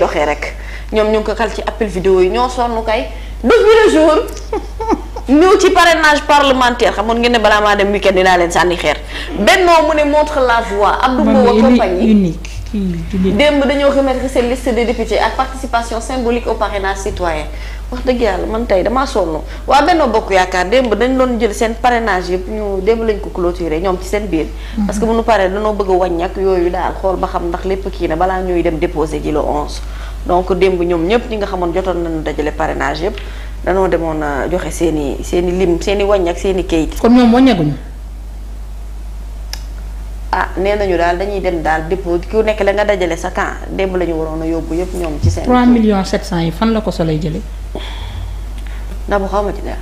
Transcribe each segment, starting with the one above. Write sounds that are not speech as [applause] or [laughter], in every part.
doxee rek ñoom ñu ngi ko xal ci appel vidéo yi ñoo sonn kay douze mille jours [laughs] ñëw ci parrainage parlementaire xamoon ngeen ne balaa maa dem week-end dinaa leen sànni xeer Benno mu ne montre la voie Abdou Mbow ak compagnie démb dañoo remettre seen liste de députés ak participation symbolique au parrainage citoyen wax dëgg yàlla man tey damaa sonn waa Benno Bokk Yaakaar démb dañ doon jël seen parrainage yëpp ñu démb lañ ko clôturer ñoom ci seen biir. Mhm. parce que bu pare danoo bëgg a wàññi yooyu daal xool ba xam ndax lépp kii na balaa ñuy dem déposer ji le 11. donc démb ñoom ñëpp ñi nga xamoon jotoon nañu dajale parrainage yëpp danoo demoon a euh, joxe seen i seen i lim seen i seeni ak seen i kayit. kon ñoom wàññeekuñu. ah nee nañu daal dañuy dem daal dépôt ku nekk la nga dajale sa temps la ñu waroon a yëpp ñoom ci seen. 3 millions 700 yi fan la ko solay jëlee. Nabou xaw ma ci dara.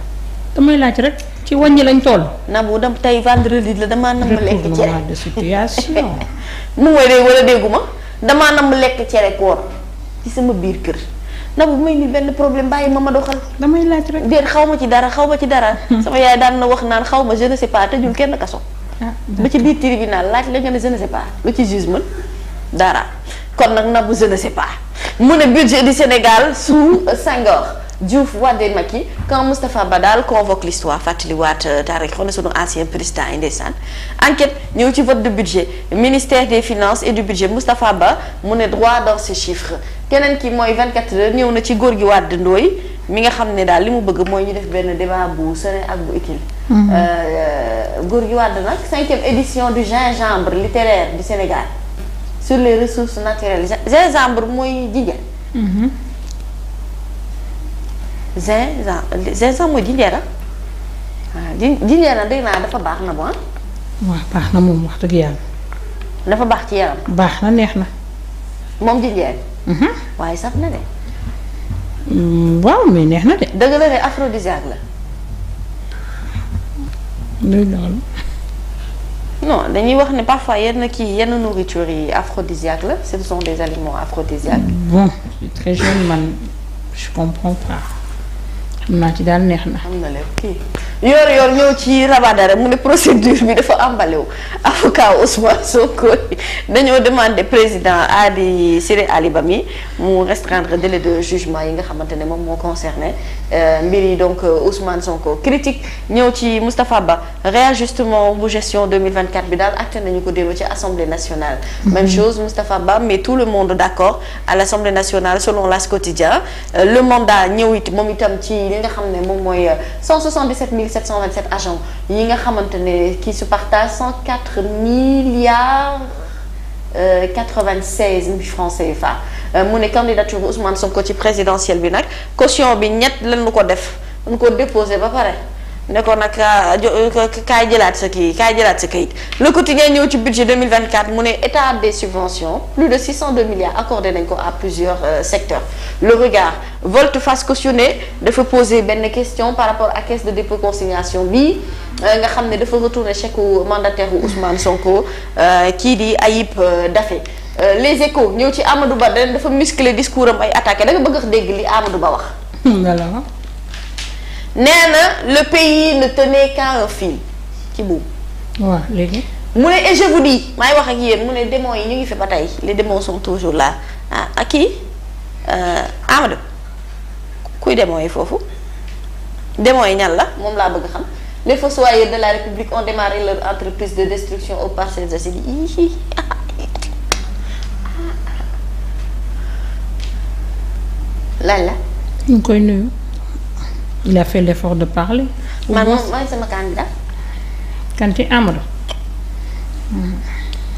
damay laaj rek ci wàññi lañ toll. Nabou dam tey vendredi la damaa nam lekk cere de situation. [laughs] nu mooy dégg wala dégguma damaa nam lekk cere koor ci sama biir kër Nabou bu may ni benn problème bàyyi ma ma doxal. damay laaj rek déet xaw ma ci dara xaw ma ci dara. [laughs] sama yaay daan na wax naan xaw ma je ne sais pas tëjul kenn kaso. Ah, ba ci biir tribunal laaj la nga ne je ne lu ci juge man dara. kon nag Nabou je ne sais pas mu ne budget du Sénégal sous Senghor Diouf Wade Macky quand ba daal convoque l'histoire fàttaliwaat euh, taarix xone su ancien président yi ndeysaan enquête ñëw ci vote de budget ministère des finances et du budget Moustapha Ba mu ne droit dans ses chiffres keneen ki mooy 24 heures ñëw na ci góor gi Wade Ndoye mi nga xam ne daal li mu bëgg mooy ñu def benn débat bu Séné ak bu utile mhm. euh, euh, góor gi Wade nag cinquième édition du gingembre littéraire du Sénégal sur les ressources naturelles gingembre mooy jinjeer gingembre gingembre mooy jinjeer ah waaw ji jinjeer na dégg naa dafa baax na bu ah baax na moom wax dëgg yàlla dafa baax ci yaram baax na neex na moom jinjeer mhm. waaye saf na de mm, waaw mais neex na de dëgg la de aphrodisiaque la luy loolu non dañuy wax ne parfois yenn kii yenn nourriture yi aphrodisiaque la ce sont des aliments aphrodisiaques. bon je suis très jeune man je comprends pas. xam naa ci daal neex na. xam na lépp kii yor yor ñëw ci Rabadara mu ne procédure bi dafa emballé wu avocat Ousmane Sonko dañoo demandé président Adi Siré Ali Bami mu restreindre délai de jugement yi nga xamante ne moom moo concerné euh, mbir yi donc euh, Ousmane Sonko critique ñëw ci Moustapha Ba réajustement bu gestion 2024 bi daal acté nañu ko démb ci assemblée nationale. Mm-hmm. même chose Moustapha Ba mais tout le monde d'accord à l'assemblée nationale selon l'As Quotidien euh, le mandat ñëw it moom itam ci. yi nga xam ne moom mooy mil 177 727 agents yi nga xamante ne qui se partage 104 milliards. Euh, 96 000 francs CFA mu ne candidature bu Ousmane Sonko ci présidentielle bi nag caution bi ñett lan lañu ko def lañu ko déposé ba pare. ne ko nag ah, euh, kaay jëlaat sa kii kaay jëlaat sa kayit le quotidien ñëw ci budget 2024 mu ne état des subventions plus de 602 milliards accordé nañ ko à plusieurs euh, secteurs le regard volte-face cautionné dafa poser benn question par rapport à caisse de dépôt consignation bi euh, nga xam ne dafa retourner chèque u mandataire u Ousmane Sonko kii di Ayib Daffé les échos ñëw ci Amadou Ba dañ dafa muscler discours am ay attaqué da nga bëgg a dégg li Amadou Ba wax hmm, nee na le pays ne tenait qu'à fil ci boobu. waaw léegi. mu ne et je vous dis maay wax ak yéen mu ne démons yi ñu ngi fi ba tey les démons sont toujours là ah ak kii euh, Amadou kuy démons yi foofu démons yi ñan la moom laa bëgg xam les fossoyeurs de la République ont démarré leur entreprise de destruction aux parcelles acides yi ah, ah. lan la. ñu koy nuyu. il a fait l'effort de parler. man moom mooy sama candidat. kanti Amadou. Mm.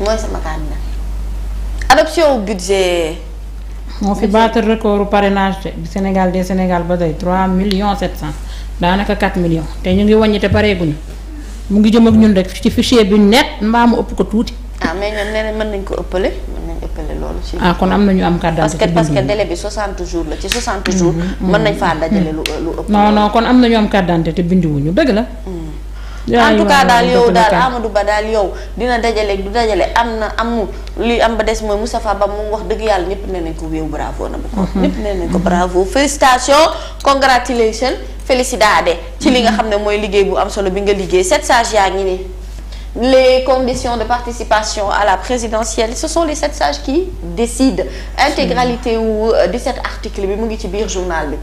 mooy sama candidat. adoption budget. moo fi battre record parrainage de bi Sénégal des Sénégal ba tey 3 millions daa daanaka 4 millions te ñu ngi wàññi te pareeguñu mu ngi jëm ak ñun rek ci fichier bi net mbaa mu ëpp ko tuuti. ah mais ñoom nee nañ mën nañ ko ëppale. ci. ah kon am na ñu am carte d'identité parce que parce que délai bi 60 jours la ci 60 jours. Mhm, mën mhm, nañ faa mhm. dajale lu lu ëpp. non non kon am ñu dëgg la. Hmm. en tout cas daal yow daal Amadou Ba daal yow dina dajale du dajale am na amu li am ba des mooy Moustapha Ba moom wax dëgg yàlla ñëpp ne nañ ko wéew bravo na bu ko ñëpp ne nañ ko bravo félicitations congratulations félicitades ci li nga xam ne mooy liggéey bu am solo bi nga liggéey sept sage yaa ngi nii le condition de participation à la présidentielle ce sont les sept sages qui décident intégralité wu euh, set articles bi mu ngi ci biir journal bi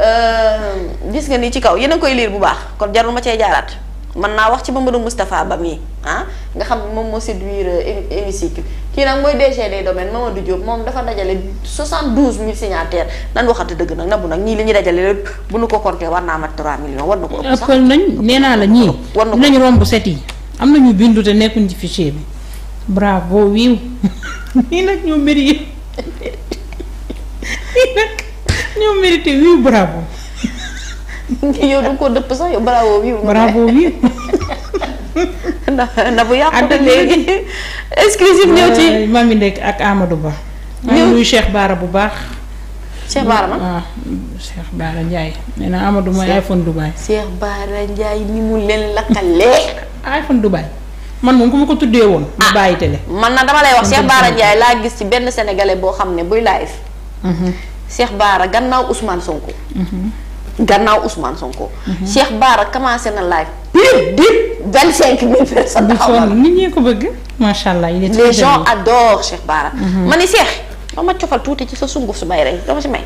euh, gis nga ni ci kaw yéen a koy lire bu baax kon jarul ma cee jaaraat mën naa wax ci Mamadou Moustapha Ba mii ah nga xam moom moo séduire euh, hémicycle kii nag mooy DG des domaines Mamadou Diop moom dafa dajale 72000 signataires nan waxante dëgg nag nabu nag ñii li ñuy dajale lépp bu nu ko compter war naa ma 3 millions war na naa la ñii war yi am na ñu bindu te nekkuñ ci fichier bi bravo wiiw [laughs] [laughs] nii nag ñoo mérité wiiw bravo. yow du ko dëpp sax yow bravo wiiw. bravo wiiw. [laughs] na bu yàqu léegi exclusive ñëw ci Mamy Ndek ak amadu Ba. ñëw ñuy Cheikh Baara bu baax. Cheikh Baara man waaw ah, Cheikh mooy iPhone Dubaay. Cheikh Baara Ndiaye ni mu leen lakkalee. iPhone Dubai man moom ku ma ko tuddee woon. ma ah, bàyyi télé. man na dama lay wax Cheikh Bara Ndiaye laa gis ci benn sénégalais boo xam ne buy live. seex mhm. Bara gannaaw Ousmane Sonko. Mhm. gannaaw Ousmane Sonko. Mhm. Cheikh Bara commencé na live. plus de vingt cinq mille personnes. nit ñi ko bëgg. macha allah il est les gens adorent Cheikh Bara. ma ni cofal tuuti ci sa sunguf su may rek dama ci may.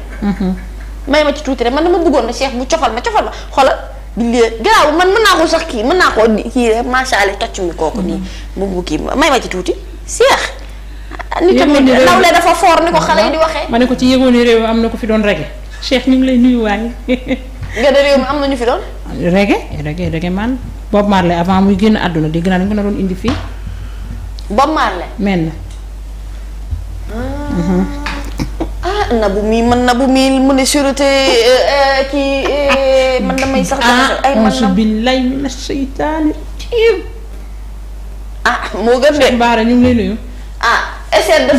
may ma ci tuuti rek man dama bëggoon na Cheikh bu cofal ma cofal ma billaay garaaw man mën naa ko sax kii mën naa koo kii rek macha allah tocc mi kooku nii mm-hmm. mu kii may ma ci tuuti seex. Ah, ni tamit nawle dafa foor ni ko ah. xale yi di waxee. ma ne ko ci yëgoon réew am na ko fi doon rege. Cheikh ñu ngi lay nuyu waaye. [laughs] nga na ñu fi doon. rege rege man Bob Marley avant muy génn àdduna dégg naa dañu ko naroon indi fii. Bob Marley. mel na. Ah. Mm-hmm. na bu mii man na bu mii mu ne sûreté euh, euh, kii euh, man damay ah, ay man na billahi ah, moo gën de. Mbaara ñu ngi lay ah, bu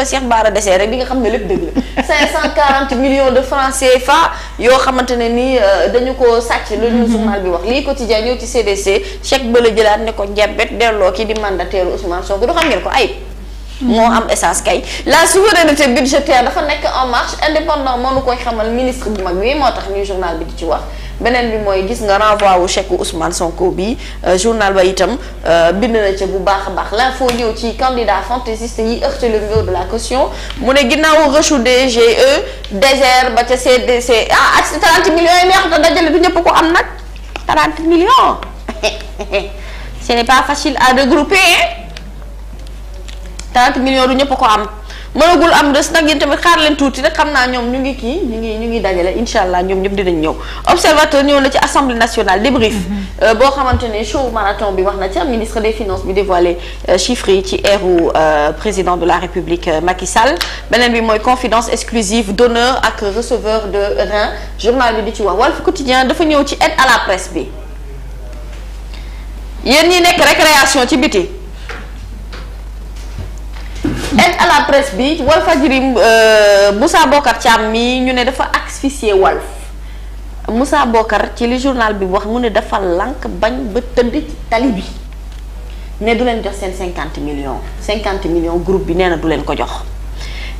la Cheikh desee rek di nga xam ne lépp dëgg la 540 de francs CFA yoo xamante ne nii dañu ko sàcc. loolu journal bi wax lii quotidien ñëw ci CDC chèque ba jëlaat ne ko njabet delloo ki di mandataire Ousmane Sonko du xam ngeen ko ayib. moo am essence kay la souveraineté budgétaire dafa nekk en marche indépendant moo nu koy xamal ministre bu mag bi moo tax ñuy journal bi di ci wax beneen bi mooy gis nga renvoi wu chèque Ousmane Sonko bi euh, journal ba itam euh, bind na ca bu baax a baax l'info ñëw ci candidat fantaisiste yi heurté le mur de la caution mu ne ginnaaw rëchu DGE désert ba ca CDC ah ak 30 millions yi neex na dajale du ñëpp ko am nag 30 millions [laughs] ce n'est pas facile 30 millions du ñëpp ko am mënagul am des nag yéen tamit xaar leen tuuti rek xam naa ñoom ñu ngi kii ñu ngi ñu ngi dajale incha allah ñoom ñëpp dinañ ñëw. observateur ñëw na ci assemblée nationale débrief. Mm-hmm. Euh, boo xamante ne show marathon bi wax na ca ministre des finances bi dévoilé euh, chiffres yi ci eeru euh, président de la république Macky Sall beneen bi mooy confidence exclusive donneur ak receveur de rein journal bi di ci wax Walf Quotidien dafa ñëw ci aide à bi yéen ñi nekk récréation ci biti. aide à la presse bi Walfadjri euh, Moussa Bokar Thiam mi ñu ne dafa asphyxier Walf Moussa Bokar ci li journal bi wax mu ne dafa lank bañ ba tëdd tali bi ne du leen jox seen cinquante million cinquante millions groupe bi nee na du leen ko jox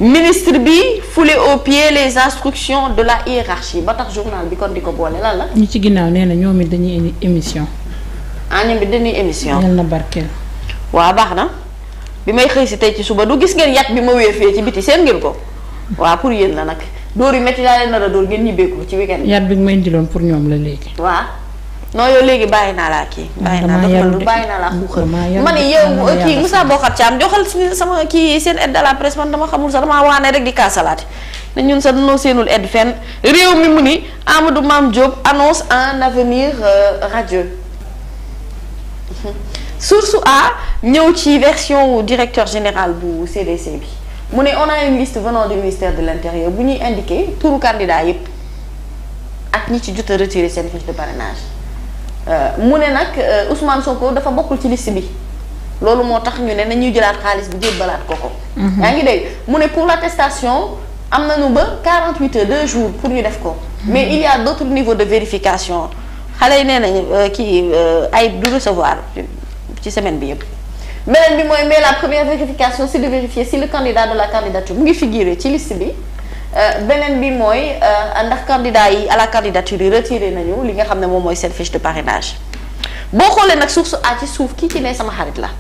ministre bi foulé au pieds les instructions de la hiérarchie ba tax journal bi kon di ko boole lan la. ñu ci ginnaaw nee na ñoom it dañuy émission. ah ñoom dañuy émission. yal na barkeel. waaw baax na. bi may xëy si tey ci suba du gis ngeen yat bi ma wéefee ci biti seen ngeen ko waaw pour yéen la nag dóor yu métti laa leen nar a dóor ngeen ñibbeeku ci weekend yat bi may indiloon pour ñoom la léegi waaw non yow léegi bàyyi naa laa kii bàyyi naa la bàyyi naa laa xuuxal ma ne yow kii Moussa Bocar Thiam joxal sama kii seen aide à la presse man dama xamul sax damaa waane rek di kaasalaate ne ñun sax danoo seenul aide fen réew mi mu ni Amadou Mame Diop annonce un avenir euh, radieux [laughs] source A ñëw ci version directeur général bu CDC bi mu ne on a une de venant ministère de l'intérieur bu ñuy indiqué turu candidat yépp ak ñi ci jot retire retiré seen fiche de parrainage euh, mu ne nag euh, Ousmane Sonko dafa bokkul ci list bi loolu moo tax ñu ne nañuy jëlaat xaalis bi jébbalaat ko ko. Mhm. yaa ngi dégg mu ne pour l'attestation am na nañu ba 48 heures 2 jours pour ñu def ko. Mhm. mais il y a d'autres niveaux de vérification xale yi nee nañu euh, kii ay du recevoir. ci semaine bi yëpp beneen bi mooy mais la première vérification c'est de vérifier si le candidat de la candidature mu ngi figurer ci liste bi euh, beneen bi mooy euh, ndax candidat yi à la candidature yi retiré nañu li nga xam ne moom mooy seen fiche de parrainage boo xoolee nag source A ci suuf kii ci ne sama xarit la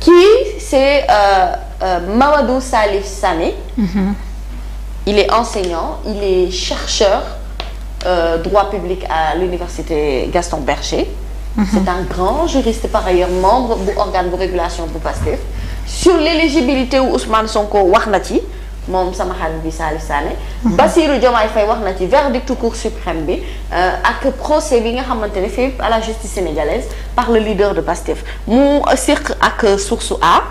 kii c'est euh, Mamadou Salif Sané mhm. il est enseignant il est chercheur euh, droit public à l'université Gaston Berger Mhm. c'est un grand juriste par ailleurs membre bu organe bu régulation bu PASTEF sur l'éligibilité wu Ousmane Sonko wax na ci moom sama xarit bi Salif Sané mhm. Bassirou Diomaye fay wax na ci verdict cour suprême bi euh, ak procès bi nga xamante ne fait à la justice sénégalaise par le leader de PASTEF mu siq ak source A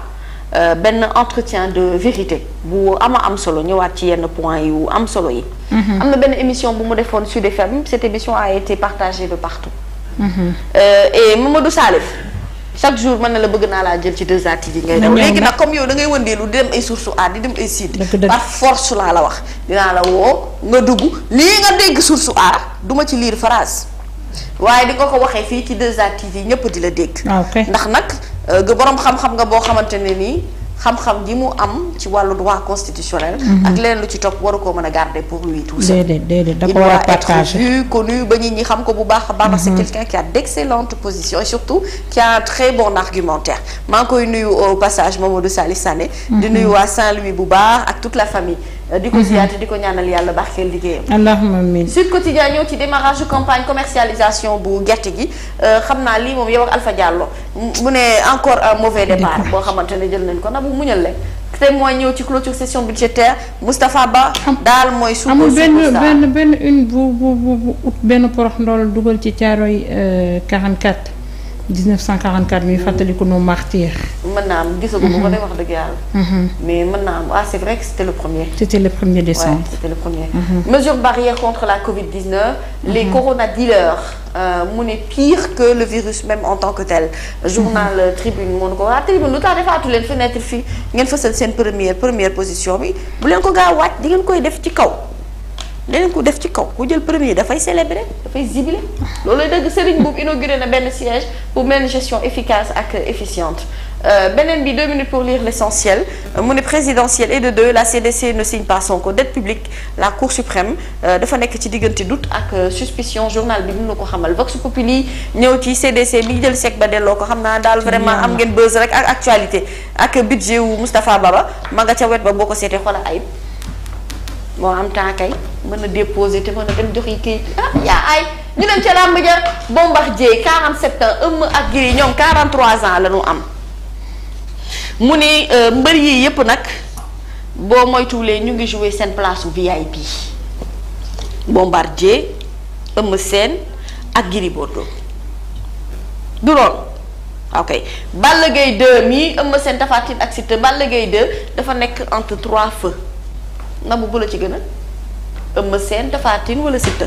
Euh, benn entretien de vérité bu ama am solo ñëwaat ci yenn point yu am solo yi. Mhm. am na benn émission bu mu defoon Sud FM cette émission a été partagée de partout. et eh, eh, Mamadou Salif chaque jour mën na la bëgg naa laa jël ci 2A TV ngay daw léegi nag comme yow da ngay wëndeelu di dem ay source A di dem ay site par force laa la wax dinaa la woo nga dugg lii nga dégg source A duma ci liir phrase waaye di nga ko waxee fii ci 2A TV ñëpp di la dégg ah, ndax nag euh, borom xam-xam nga boo xamante ne nii xam-xam ji mu am ci wàllu droit constitutionnel. Mhm. ak leen lu ci topp waru ko mën a garder pour lui tout seul. déedéet déedéet da ko war a connu ba nit ñi xam ko bu baax a baax. parce que mhm. quelqu'un qui a d'excellentes positions surtout qui a un très bon argumentaire maa ngi koy nuyu au passage Mamadou Salih Sané. Mhm. di nuyu waa Saint-Louis bu baax ak toute la famille. di ko mhm. ziyaate di ko ñaanal yàlla baaxeel liggéeyam. allahumma amiin Sud Quotidien ñëw ci démarrage compagne commercialisation bu gerte gi euh, xam naa lii moom yow ak Alpha mu ne encore un mauvais départ boo xamante ne jël nañ ko na bu muñal leen. te mooy ñëw ci clôture session budgétaire Moustapha Ba. daal mooy suuf amul benn benn benn une bu bu bu benn porox ndool dugal ci caaroy 44. Euh, 1944 ñuy fàttaliku nos martyrs. mën naa am gisaguma ko mhm. day wax dëgg yàlla. Mhm. mais mën naa am ah c'est vrai que c'était le premier. c'était le premier décembre ouais, c'était mhm. contre la Covid 19. corona dealers euh, mu ne pire que le virus même en tant que tel. journal Tribune moo ko ah Tribune lu tax defaatu leen fenêtre fii ngeen fësal seen première première position bi bu leen ko gaa wàcc di ngeen koy def ci kaw. leneen ku def ci kaw ku jël premier dafay célébrer dafay zibilé loolu dëgg Serigne boobu inauguré na benn siège pour benn gestion efficace ak efficiente euh, beneen bi deux minutes pour lire l'essentiel euh, mu ne présidentielle et de deux la CDC ne signe pas son code dette publique la Cour suprême euh, dafa nekk ci diggante doute ak euh, suspicion journal bi ñu la ko xamal Vox Populi ñëw ci CDC mi jël sec ba delloo ko xam naa daal vraiment am ngeen buzz rek ak actualité ak budget wu Moustapha nga ca wet ba boo ko seetee xoolal ayib moo am temps kay mën a déposer te mën a dem jox yi kayit ah yaa ay ñu dem ca làmb ja Bombardier 47 ans ëmm ak Gris ñoom 43 ans la ñu am mu ni euh, mbër yii yëpp nag boo moytuwulee ñu ngi jouer seen place su VIP Bombardier ëmm seen ak Gris Bordeaux du loolu. ok Balla Gaye 2 mii ëmm seen Tapha Tine ak Siteu Balla Gaye 2 dafa nekk entre trois feux. nabu bu la ci gën a ëmma seen tafaatin wala sitta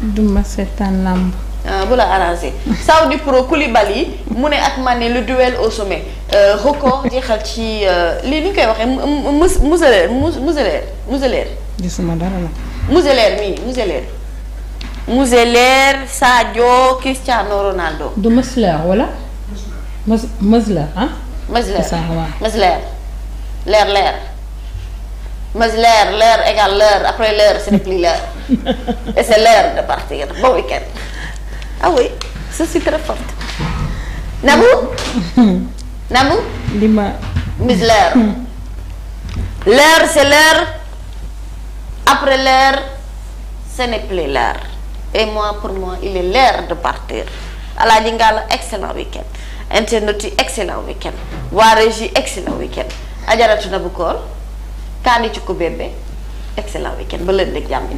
duma seetaan làmb ah bu la arrangé Saudi Pro Koulibaly mu ne ak Mané le duel au sommet euh, record jeexal ci euh, lii ni ñu koy waxee mus museleer museleer museleer gisuma dara la museleer mii museleer museleer Sadio Cristiano Ronaldo du museleer wala mus museleer leer leer mais l'heure l'heure égale l'heure après l'heure ce n'est plus l'heure et c'est l'heure de partir bon week-end ah oui je suis très forte Nabou Nabou [laughs] Dima mais l'heure [laughs] l'heure c'est l'heure après l'heure ce n'est l'heure et moi pour moi il est l'heure de partir Alaaji Ngalla excellent week-end internaute yi excellent week-end waa régie excellent week-end ajaratu Nabou Cole Kani Cukkubebe excellent weekend ba lënd ak jàmm